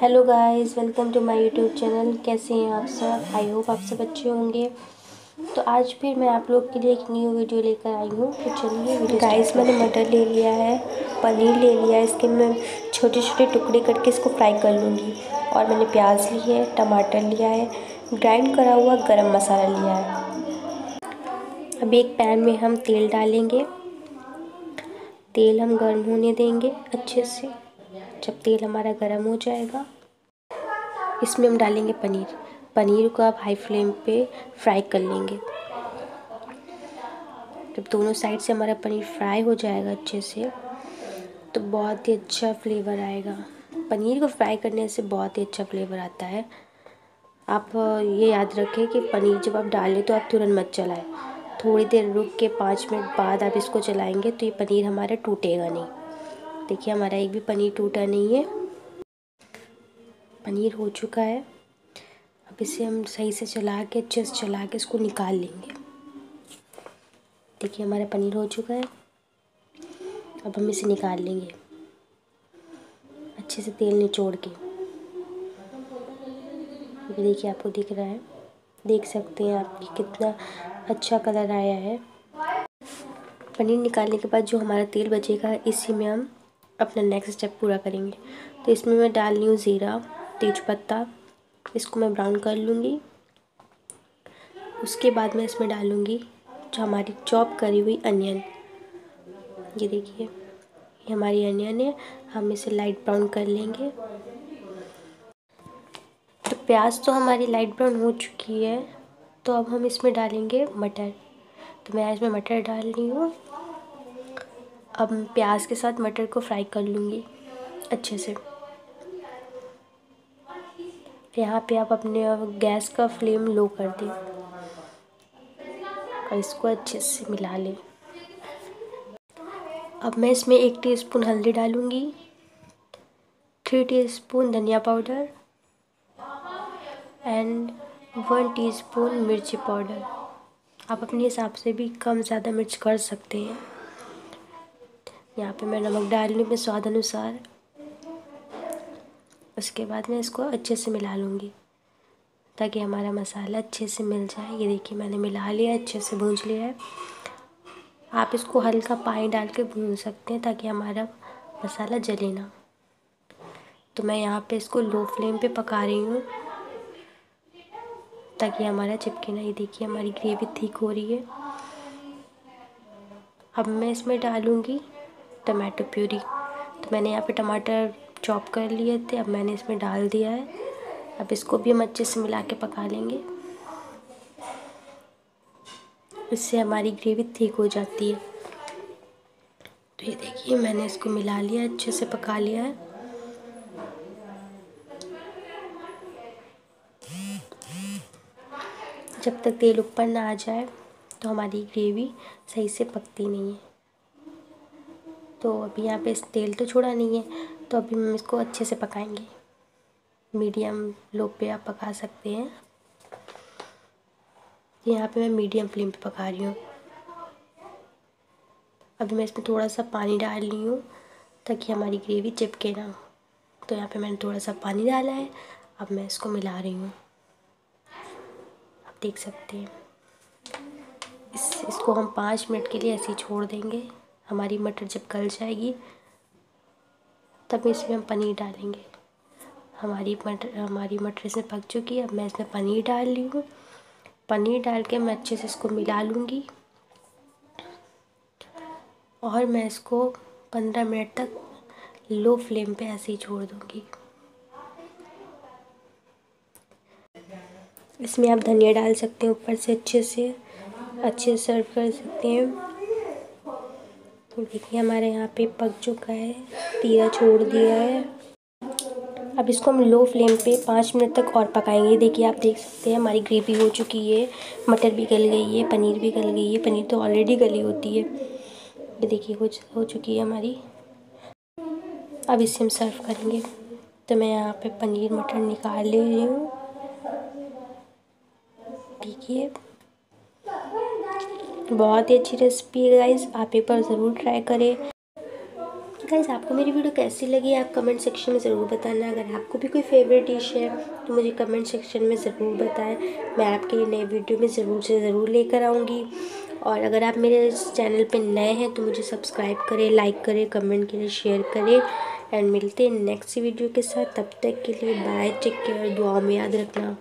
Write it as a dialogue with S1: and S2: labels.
S1: hello guys welcome to my YouTube channel कैसे हैं आप सब आई होप आप सब अच्छे होंगे तो आज फिर मैं आप लोग के लिए एक न्यू वीडियो लेकर आई हूँ तो चलिए गाइस मैंने मटर ले लिया है पनीर ले लिया है इसके मैं छोटे छोटे टुकड़े करके इसको फ्राई कर लूँगी और मैंने प्याज ली है टमाटर लिया है ग्राइंड करा हुआ गर्म मसाला लिया है अभी एक पैन में हम तेल डालेंगे तेल हम गर्म होने देंगे अच्छे से जब तेल हमारा गर्म हो जाएगा इसमें हम डालेंगे पनीर पनीर को आप हाई फ्लेम पे फ्राई कर लेंगे जब दोनों साइड से हमारा पनीर फ्राई हो जाएगा अच्छे से तो बहुत ही अच्छा फ्लेवर आएगा पनीर को फ्राई करने से बहुत ही अच्छा फ्लेवर आता है आप ये याद रखें कि पनीर जब आप डालें तो आप तुरंत मत चलाएं थोड़ी देर रुक के पाँच मिनट बाद आप इसको चलाएंगे तो ये पनीर हमारा टूटेगा नहीं देखिए हमारा एक भी पनीर टूटा नहीं है पनीर हो चुका है अब इसे हम सही से चला के अच्छे से चला के इसको निकाल लेंगे देखिए हमारा पनीर हो चुका है अब हम इसे निकाल लेंगे अच्छे से तेल निचोड़ के देखिए आपको दिख रहा है देख सकते हैं आप कितना अच्छा कलर आया है पनीर निकालने के बाद जो हमारा तेल बचेगा इसी में हम अपना नेक्स्ट स्टेप पूरा करेंगे तो इसमें मैं डाल रही हूँ ज़ीरा तेज़पत्ता इसको मैं ब्राउन कर लूँगी उसके बाद मैं इसमें डालूँगी जो हमारी चॉप करी हुई अनियन ये देखिए ये हमारी अनियन है हम इसे लाइट ब्राउन कर लेंगे तो प्याज तो हमारी लाइट ब्राउन हो चुकी है तो अब हम इसमें डालेंगे मटर तो मैं इसमें मटर डाल रही हूँ अब प्याज के साथ मटर को फ्राई कर लूँगी अच्छे से यहाँ पे आप अपने गैस का फ्लेम लो कर दें और इसको अच्छे से मिला लें अब मैं इसमें एक टीस्पून हल्दी डालूँगी थ्री टीस्पून धनिया पाउडर एंड वन टीस्पून मिर्ची पाउडर आप अपने हिसाब से भी कम ज़्यादा मिर्च कर सकते हैं यहाँ पे मैं नमक डाल लूँ अपने स्वाद अनुसार उसके बाद मैं इसको अच्छे से मिला लूँगी ताकि हमारा मसाला अच्छे से मिल जाए ये देखिए मैंने मिला लिया अच्छे से भूंज लिया है आप इसको हल्का पानी डाल के भून सकते हैं ताकि हमारा मसाला जले ना तो मैं यहाँ पे इसको लो फ्लेम पे पका रही हूँ ताकि हमारा चिपके ना ये देखिए हमारी ग्रेवी ठीक हो रही है अब मैं इसमें डालूँगी टमाटो प्यूरी तो मैंने यहाँ पे टमाटर चॉप कर लिए थे अब मैंने इसमें डाल दिया है अब इसको भी हम अच्छे से मिला के पका लेंगे इससे हमारी ग्रेवी ठीक हो जाती है तो ये देखिए मैंने इसको मिला लिया अच्छे से पका लिया है जब तक तेल ऊपर ना आ जाए तो हमारी ग्रेवी सही से पकती नहीं है तो अभी यहाँ पे तेल तो छोड़ा नहीं है तो अभी हम इसको अच्छे से पकाएंगे मीडियम लो पे आप पका सकते हैं यहाँ पे मैं मीडियम फ्लेम पे पका रही हूँ अभी मैं इसमें थोड़ा सा पानी डाल रही हूँ ताकि हमारी ग्रेवी चिपके ना तो यहाँ पे मैंने थोड़ा सा पानी डाला है अब मैं इसको मिला रही हूँ आप देख सकते हैं इस इसको हम पाँच मिनट के लिए ऐसे ही छोड़ देंगे हमारी मटर जब गल जाएगी तब इसमें हम पनीर डालेंगे हमारी मटर हमारी मटर इसमें पक चुकी है अब मैं इसमें पनीर डाल ली हूँ पनीर डाल के मैं अच्छे से इसको मिला लूँगी और मैं इसको पंद्रह मिनट तक लो फ्लेम पे ऐसे ही छोड़ दूँगी इसमें आप धनिया डाल सकते हैं ऊपर से अच्छे से अच्छे से सर्व कर सकते हैं देखिए हमारे यहाँ पे पक चुका है तीरा छोड़ दिया है अब इसको हम लो फ्लेम पे पाँच मिनट तक और पकाएंगे देखिए आप देख सकते हैं हमारी ग्रेवी हो चुकी है मटर भी गल गई है पनीर भी गल गई है पनीर तो ऑलरेडी गली होती है ये देखिए हो हो चुकी है हमारी अब इसे हम सर्व करेंगे तो मैं यहाँ पे पनीर मटर निकाल ले रही हूँ देखिए बहुत ही अच्छी रेसिपी है गाइज़ आप एक बार ज़रूर ट्राई करें गाइज़ आपको मेरी वीडियो कैसी लगी आप कमेंट सेक्शन में ज़रूर बताना अगर आपको भी कोई फेवरेट डिश है तो मुझे कमेंट सेक्शन में ज़रूर बताएं मैं आपके लिए नए वीडियो में ज़रूर से ज़रूर लेकर आऊँगी और अगर आप मेरे चैनल पर नए हैं तो मुझे सब्सक्राइब करें लाइक करें कमेंट करें शेयर करें एंड मिलते हैं नेक्स्ट वीडियो के साथ तब तक के लिए बाय टेक केयर दुआ में याद रखना